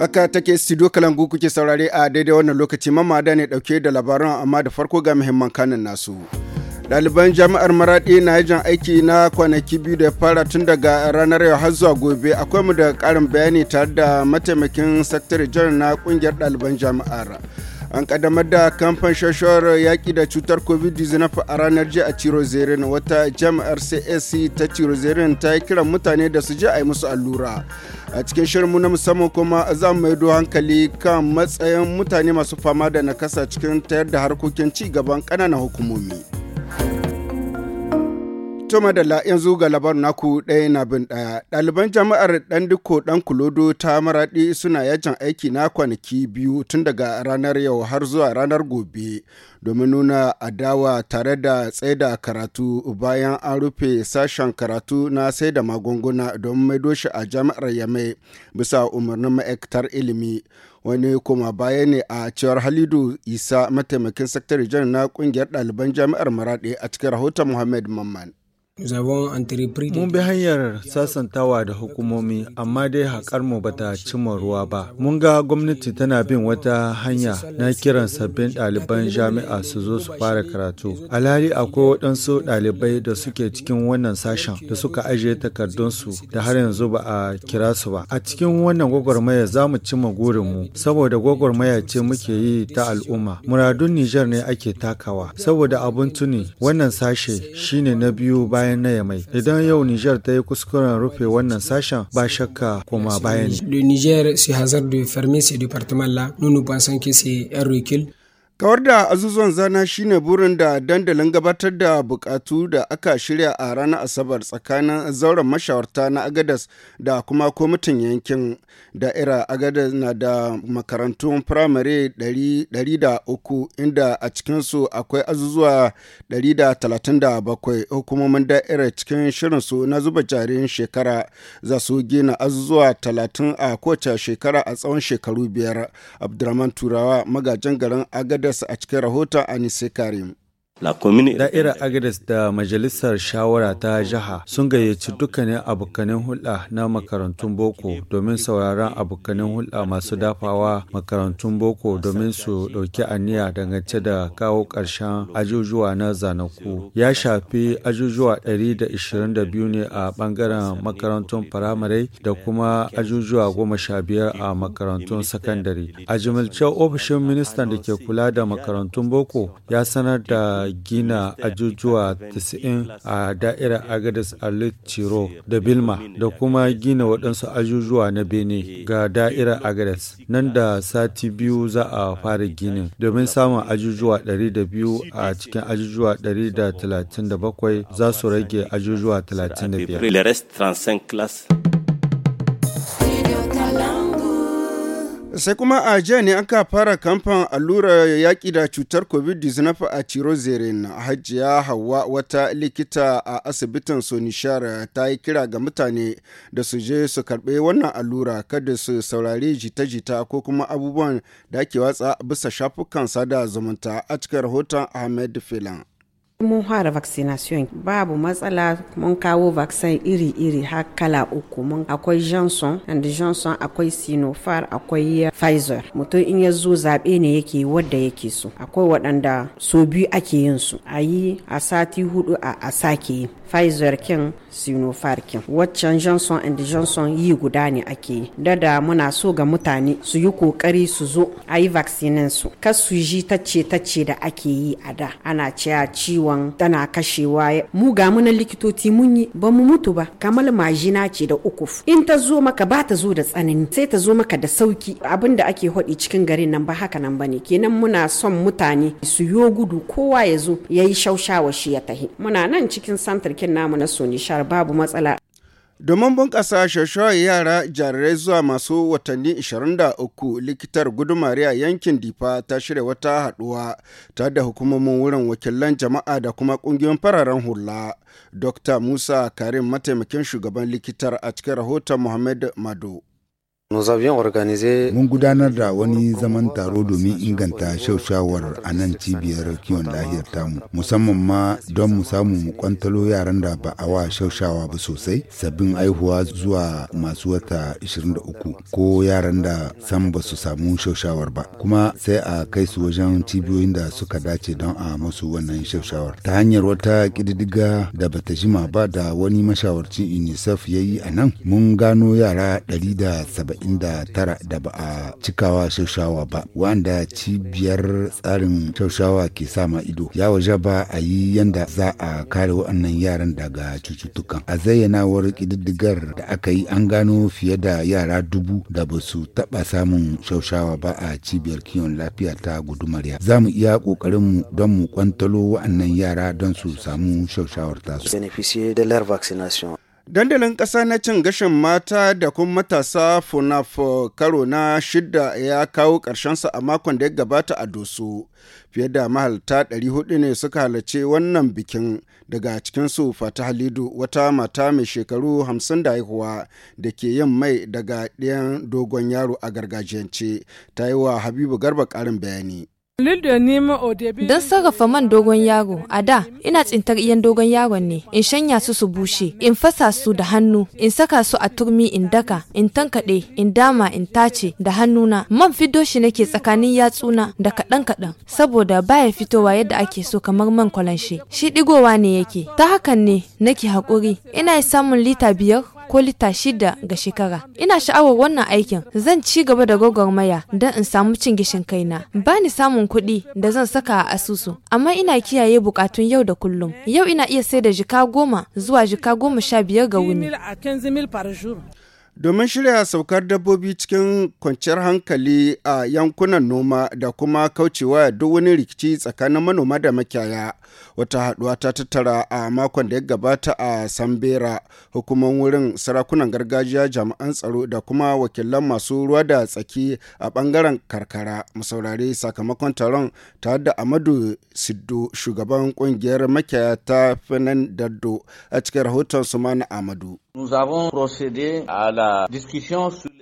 Aka take studio kalangu kuke saurare a daidai wannan lokaci mamada ne dauke da labaran amma da farko ga muhimman kanin nasu. Ɗaliban jami'ar Maraɗi na jan aiki na kwanaki biyu da fara tun daga ranar yau har zuwa gobe akwai mu da karin bayani tare da mataimakin sakatare jan na kungiyar ɗaliban jami'ar. an kaddamar da kamfan shashawar yaƙi da cutar covid-19 a ranar ji a cirozerin wata jam'ar csc ta tirozerin ta yi kiran mutane da su je a yi musu allura a cikin shirinmu na musamman kuma za mu maido hankali kan matsayin mutane masu fama da nakasa cikin tayar da harkokin ci gaban ƙananan hukumomi. Tuma da yanzu ga labarin naku ɗaya na bin ɗaya. Ɗaliban jama'ar ɗan diko ɗan kulodo ta maraɗi suna yajin aiki na kwanaki biyu tun daga ranar yau har zuwa ranar gobe domin nuna adawa tare da tsaida karatu bayan an rufe sashen karatu na sai da magunguna don maido shi a jami'ar Yamai bisa umarnin ma'aikatar ilimi. wani kuma baya ne a cewar halidu isa mataimakin sakatare janar na kungiyar ɗaliban jami'ar maraɗi a cikin rahoton muhammad mamman Mun bi hanyar sasantawa da hukumomi, amma dai haƙar mu bata cimma ruwa ba. Mun ga gwamnati tana bin wata hanya na kiran sabbin ɗaliban jami'a su zo su fara karatu. Alhali akwai waɗansu ɗalibai da suke cikin wannan sashen da suka ajiye takardunsu da har yanzu ba a kira su ba. A cikin wannan gwagwarmaya za mu cimma mu saboda gwagwarmaya ce muke yi ta al'umma. Muradun Nijar ne ake takawa, saboda abun tuni wannan sashe shine na biyu bayan bayan na Yamai. Idan yau niger ta yi kuskuren rufe wannan sashen ba shakka kuma baya ne. Le Niger si hasard de fermer ce département là. Nous nous pensons que c'est un recul Kawar da azuzuwan zana shine burin da dandalin gabatar da bukatu da aka shirya a ranar Asabar tsakanin zauren mashawarta na Agadas da kuma kwamitin yankin da'ira Agadas na da makarantun firamare 300 inda a cikinsu akwai azuzuwa 137 hukumomin da'ira cikin shirinsu na zuba jarin shekara za su gina azuzuwa 30 a kowace shekara a tsawon shekaru biyar. Abdurrahman Turawa magajin garin Agadas Legas a cikin rahoton Anise Karim. Da'irar Agades da Majalisar Shawara ta Jiha sun gayyaci dukkanin abokanin hulɗa na makarantun boko domin sauraron abokanin hulɗa masu dafawa makarantun boko domin su ɗauki aniya dangance da kawo ƙarshen ajujuwa na zanaku. Ya shafi ajujuwa 122 ne a ɓangaren makarantun firamare da kuma ajujuwa 15 a makarantun sakandare. A jimilce ofishin ministan da ke kula da makarantun boko ya sanar da gina ajujuwa 90 a da'irar agadis a da Bilma da kuma gina waɗansu ajujuwa na Bene ga da'irar agadis Nan da sati biyu za a fara ginin domin samun ajujuwa 200 a cikin ajujuwa 137 za su rage ajujuwa 35. sai kuma a jiya ne aka fara kamfan allurar yaƙi da cutar covid-19 a tirozerin hajiya hawa wata likita a asibitin sonishar ta yi kira ga mutane da su je su karɓi wannan allura kada su saurari jita-jita ko kuma abubuwan da ake watsa bisa shafukan sada zumunta a cikin rahoton ahmed filan mun fara vaccination babu matsala mun kawo vaccine iri-iri har kala uku mun akwai johnson and johnson akwai sinopharm akwai pfizer mutum in ya zo zaɓe ne yake wadda yake so akwai waɗanda so biyu ake yin su a yi a sati hudu a sake yi pfizer kin sinopharm kin waccan johnson and johnson yi guda ne ake yi dada muna so ga mutane su yi kokari su zo a yi vaccinin su kar su ji tacce tacce da ake yi a da ana cewa ciwo ciwon tana kashewa mu ga munan likitoci mun yi ba mu mutu ba kamal majina ce da uku in ta zo maka ba ta zo da tsanani sai ta zo maka da sauki abin da ake hodi cikin garin nan ba haka nan bane kenan muna son mutane su yo gudu kowa ya zo ya yi shaushawa shi ya tahi muna nan cikin santarkin namu na sonishar babu matsala Domin bunƙasa shashawar yara jarirai zuwa masu watanni 23 likitar gudumar a yankin Difa ta shirya wata haɗuwa ta da hukumomin wurin wakilan jama'a da kuma ƙungiyoyin fararen hula. Dr. Musa Karim mataimakin shugaban likitar a cikin rahoton Muhammad Mado. Mun gudanar da wani zaman taro domin inganta shaushawar a nan cibiyar kiwon lahiyar tamu, musamman ma don mu samu mu kwantalo yaran da ba a wa shaushawa ba sosai, sabbin aihuwa zuwa masu wata 23 ko yaran da san ba su samu shaushawar ba, kuma sai a kai su wajen cibiyoyin da suka dace don a masu wannan shaushawar. Ta hanyar wata ƙididdiga da bata jima ba da wani mashawarci UNICEF ya yi a nan, mun gano yara 170 inda tara da ba a cikawa shaushawa ba wanda cibiyar tsarin shaushawa ke sama ido ya waje ba a yi yanda za a kare waɗannan yaran daga cututtukan a zayyanawar ƙididdigar da aka yi an gano fiye da yara dubu da ba su taɓa samun shaushawa ba a cibiyar kiwon lafiya ta gudumarya za mu iya mu don mu kwantalo waɗannan yara don su samu shaushawar tasu. Dandalin ƙasa na cin gashin mata da kuma matasa FUNAF karo na shida ya kawo ƙarshensa a makon da ya gabata a Doso. Fiye da mahalta 400 ne suka halarci wannan bikin daga cikinsu Fata Halidu wata mata mai shekaru 50 da haihuwa da ke yin mai daga ɗayan dogon yaro a gargajiyance ta yi wa Habibu Garba ƙarin bayani. Don sarrafa man dogon yaro, a da ina tsintar iyan dogon yaron ne, in shanya su su bushe, in fasa su da hannu, in saka su a turmi in daka, in tankaɗe, in dama in tace da hannuna. Man fido shi nake tsakanin yatsuna da kaɗan kaɗan, saboda baya fitowa yadda ake so kamar man kwalanshe. Shi ɗigowa ne yake, ta hakan ne nake haƙuri, ina samun lita biyar ko lita shida ga shekara. Ina sha'awar wannan aikin zan ci gaba da gwagwarmaya don in samu cin gishin kaina. Ba ni samun kuɗi da zan saka a asusu, amma ina kiyaye bukatun yau da kullum. Yau ina iya sai da jika goma zuwa jika goma sha biyar ga wuni. Domin shirya saukar dabbobi cikin kwanciyar hankali a yankunan noma da kuma kaucewa duk wani rikici tsakanin manoma da makiyaya. wata haduwa ta tattara a makon da ya gabata a sambera hukuman wurin sarakunan gargajiya jami'an tsaro da kuma wakilan masu ruwa da tsaki a bangaren karkara musaurari sakamakon taron ta da amadu siddo shugaban kungiyar makiyaya ta finan daddo a cikin rahoton su amadu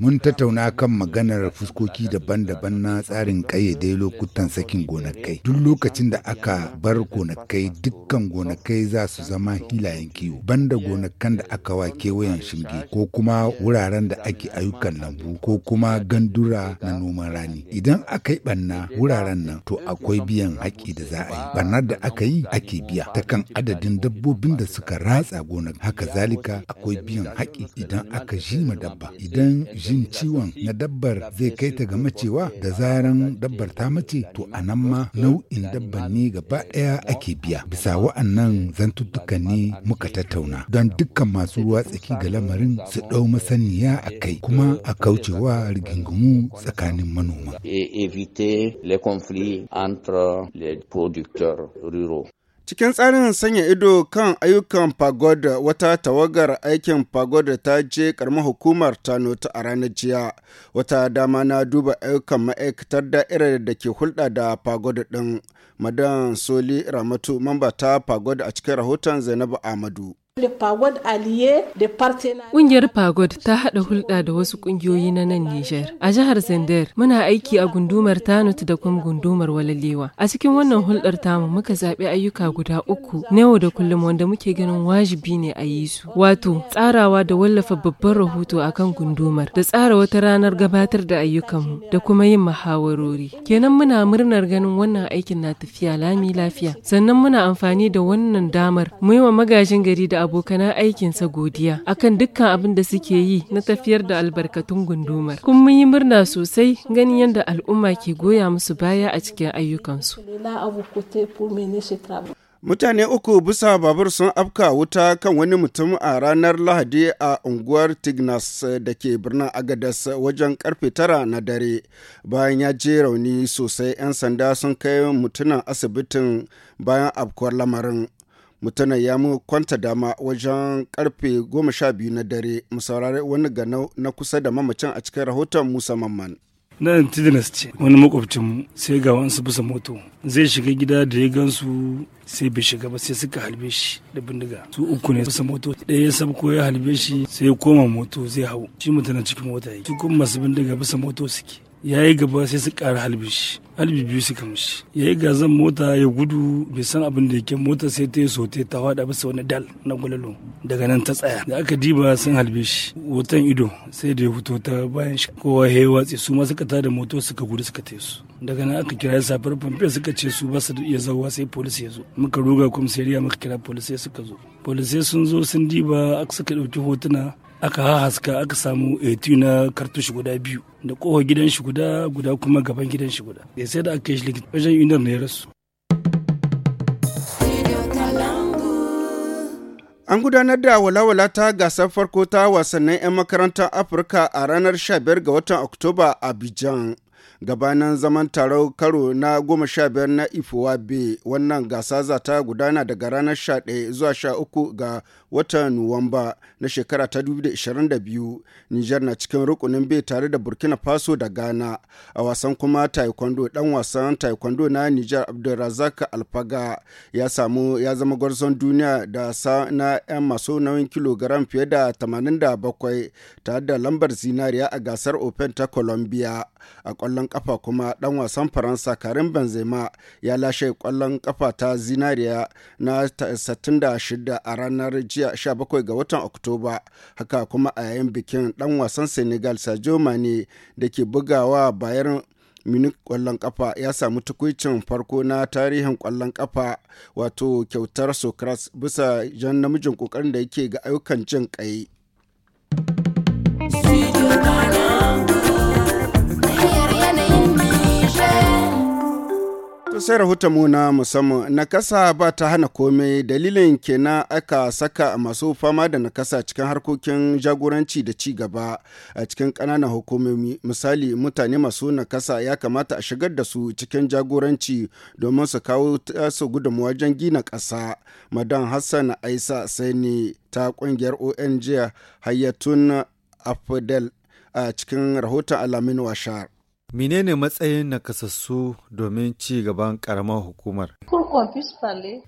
Mun tattauna kan maganar fuskoki daban-daban na tsarin ƙayyade lokutan sakin gonakai. Duk lokacin da aka bar gonakai dukkan gonakai za su zama hilayen kiwo, banda gonakan da aka wa kewayen shinge ko kuma wuraren da ake ayyukan lambu ko kuma gandura na noman rani. Idan aka yi ɓanna wuraren nan to akwai biyan haƙƙi da za a yi. Ɓannar da aka yi ake biya ta kan adadin dabbobin da suka ratsa gonakai. haka zalika akwai akwai biyan haƙi idan aka ji ma dabba idan jin ciwon na dabbar zai kai ta ga macewa da zaran dabbar ta mace to a nan ma nau'in dabban ne gaba ɗaya ake biya bisa wa'annan zantuttuka ne muka tattauna don dukkan masu ruwa tsaki ga lamarin su ɗau masaniya a kai kuma a kaucewa rigingimu tsakanin manoma. Et éviter les conflits entre les producteurs ruraux. Cikin tsarin sanya ido kan ayyukan pagoda wata tawagar aikin pagoda ta je karamar hukumar ta nota a ranar jiya. Wata dama na duba ayyukan ma'aikatar da'irar da ke hulɗa da pagoda ɗin. Madan Soli Ramatu mamba ta pagoda a cikin rahoton Zainabu Ahmadu. Ƙungiyar Pagod ta haɗa hulɗa da wasu ƙungiyoyi na nan Nijar. A jihar Zander muna aiki a gundumar Tanut da kuma gundumar Walalewa. A cikin wannan hulɗar tamu muka zaɓi ayyuka guda uku na yau da kullum wanda muke ganin wajibi ne a yi su. Wato tsarawa da wallafa babban rahoto a kan gundumar da tsara wata ranar gabatar da ayyukanmu da kuma yin muhawarori. Kenan muna murnar ganin wannan aikin na tafiya lami lafiya. Sannan muna amfani da wannan damar mu yi wa magajin gari da abokanan aikinsa godiya akan dukkan abin da suke yi na tafiyar da albarkatun gundumar. Kun mun yi murna sosai ganin yadda al'umma ke goya musu baya a cikin ayyukansu. Mutane uku bisa babur sun afka wuta kan wani mutum a ranar Lahadi a unguwar Tignas da ke birnin Agadas wajen karfe tara na dare. Bayan ya je rauni sosai 'yan sanda sun kai mutunan asibitin bayan afkuwar lamarin. mutane ya mu kwanta dama wajen karfe goma sha biyu na dare mu saurari wani ganau na kusa da mamacin a cikin rahoton musa mamman na antidinas ce wani makwabcin sai ga wansu bisa moto zai shiga gida da ya gansu sai bai shiga ba sai suka halbe shi da bindiga su uku ne bisa moto ɗaya ya sabko ya halbe shi sai ya koma moto zai hau shi mutane cikin mota yake su kuma masu bindiga bisa moto suke ya yi gaba sai su ƙara halbi shi halbi biyu suka mishi ya yi gazan mota ya gudu bai san abin da yake mota sai ta yi sote ta hada bisa wani dal na gulalo daga nan ta tsaya da aka diba sun halbe shi hoton ido sai da ya fito ta bayan shi kowa ya yi watsi su ma suka da moto suka gudu suka ta su daga nan aka kira safar fanfe suka ce su ba su iya zauwa sai polis ya zo muka ruga kwamsariya muka kira polisai suka zo polis sun zo sun diba suka ɗauki hotuna aka haska aka samu etu eh, na kartushi guda biyu da kowa gidan shi guda guda kuma gaban gidan shi guda ya eh, sai da aka yi shi likita wajen inar na ya rasu An gudanar da walawala ta gasar farko ta wasannin 'yan makarantar Afirka a ranar 15 ga watan Oktoba a Abidjan. gabanin zaman taron karo na goma sha biyar na ifowa b wannan gasa za ta gudana daga ranar sha ɗaya zuwa sha uku ga watan nuwamba na shekara ta 2022 nijar na cikin rukunin b tare da burkina faso da ghana a wasan kuma taekwondo dan wasan taekwondo na nijar abdulrazak alfaga ya samu ya zama gwarzon duniya da sa na 'yan masu nauyin kilogram fiye da 87 tare da lambar zinariya a gasar open ta colombia a kwallon kafa kuma dan wasan Faransa Karim Benzema ya lashe kwallon kafa ta zinariya na 66 a ranar jiya 17 ga watan Oktoba. Haka kuma a yayin bikin dan wasan Senegal Sadio Mane da ke bugawa bayan Munich kwallon kafa ya samu tukuicin farko na tarihin kwallon kafa wato kyautar Socrates bisa jan namijin kokarin da yake ga ayyukan jin kai. sai rahoton mu na musamman nakasa ba ta hana komai dalilin kenan aka saka masu fama da nakasa cikin harkokin jagoranci da ci gaba a cikin kananan hukumomi misali mutane masu nakasa ya kamata a shigar da su cikin jagoranci domin su kawo su gudunmu wajen gina ƙasa madan hassan aisa sai ne ta ƙungiyar ong hayyatun afdel a cikin rahoton alamin washar. Menene matsayin nakasassu domin ci gaban karamar hukumar?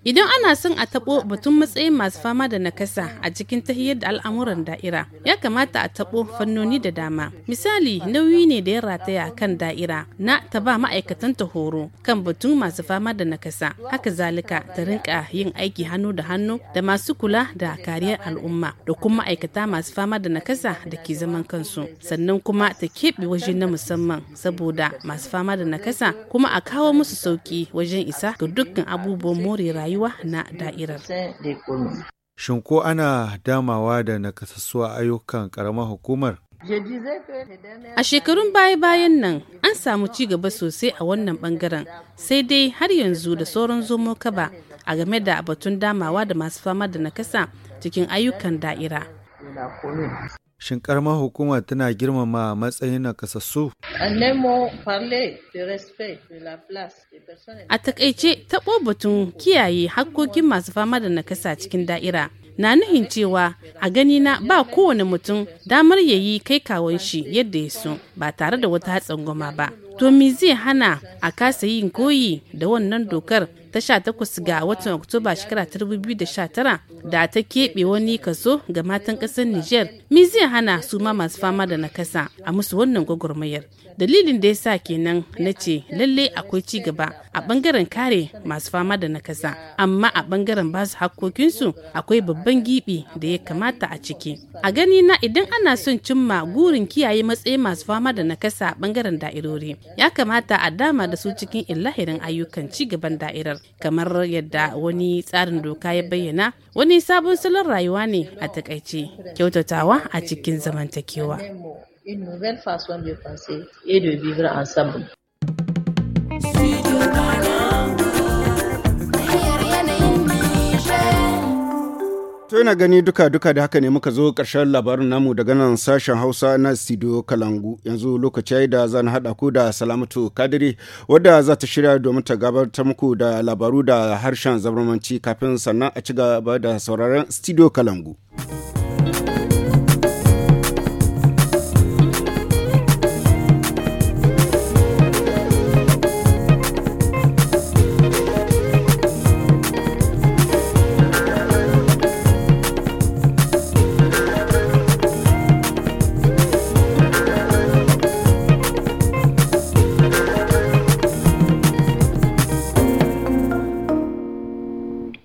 Idan ana son a tabo batun matsayin masu fama da nakasa a cikin tahiyar da al'amuran da'ira, ya kamata a taɓo fannoni da dama. Misali, nauyi ne da ya rataya kan da'ira na ta ba ma'aikatan ta horo kan batun masu fama da nakasa. Haka zalika ta rinka yin aiki hannu da hannu da masu kula da kariyar al'umma da kuma ma'aikata masu fama da nakasa da ke zaman kansu. Sannan kuma ta keɓe waje na musamman saboda masu fama da nakasa kuma a kawo musu sauki wajen isa ga dukkan abubuwan more rayuwa na da'irar. Shin ko ana damawa da nakasassuwa ayyukan karamar hukumar? A shekarun baya-bayan nan an samu ci gaba sosai a wannan bangaren sai dai har yanzu da sauran zomo kaba a game da batun damawa da masu fama da nakasa cikin ayyukan da'ira. Shin karamar hukuma tana girmama matsayin nakasassu? A takaice taɓo batun kiyaye hakkokin masu fama da nakasa cikin da'ira. Na nuhin cewa a na ba kowane mutum damar ya yi kai kawon shi yadda ya so ba tare da wata hatsangoma ba. To me zai hana a kasa yin koyi da wannan dokar ta 18 ga watan Oktoba shekara 2019 da ta keɓe wani kaso ga matan ƙasar Nijar. Me zai hana su ma masu fama da nakasa a musu wannan gwagwarmayar. Dalilin da ya sa kenan na ce lallai akwai ci gaba a bangaren kare masu fama da nakasa amma a bangaren basu hakkokinsu akwai babban gibi da ya kamata a ciki. A gani na idan ana son cimma gurin kiyaye matsayin masu fama da nakasa a ɓangaren da'irori ya kamata a dama da su cikin illahirin ayyukan ci gaban da'irar kamar yadda wani tsarin doka ya bayyana wani sabon salon rayuwa ne a takaice kyautatawa a cikin zamantakewa. Studio To yana gani duka-duka da haka ne muka zo ƙarshen labarin namu daga nan sashen Hausa na Studio Kalangu. Yanzu lokaci ya da zan haɗa ku da Salamatu Kadiri wadda za ta shirya domin ta gabatar muku da labaru da harshen zamanci kafin sannan a ci gaba da sauraron Studio Kalangu.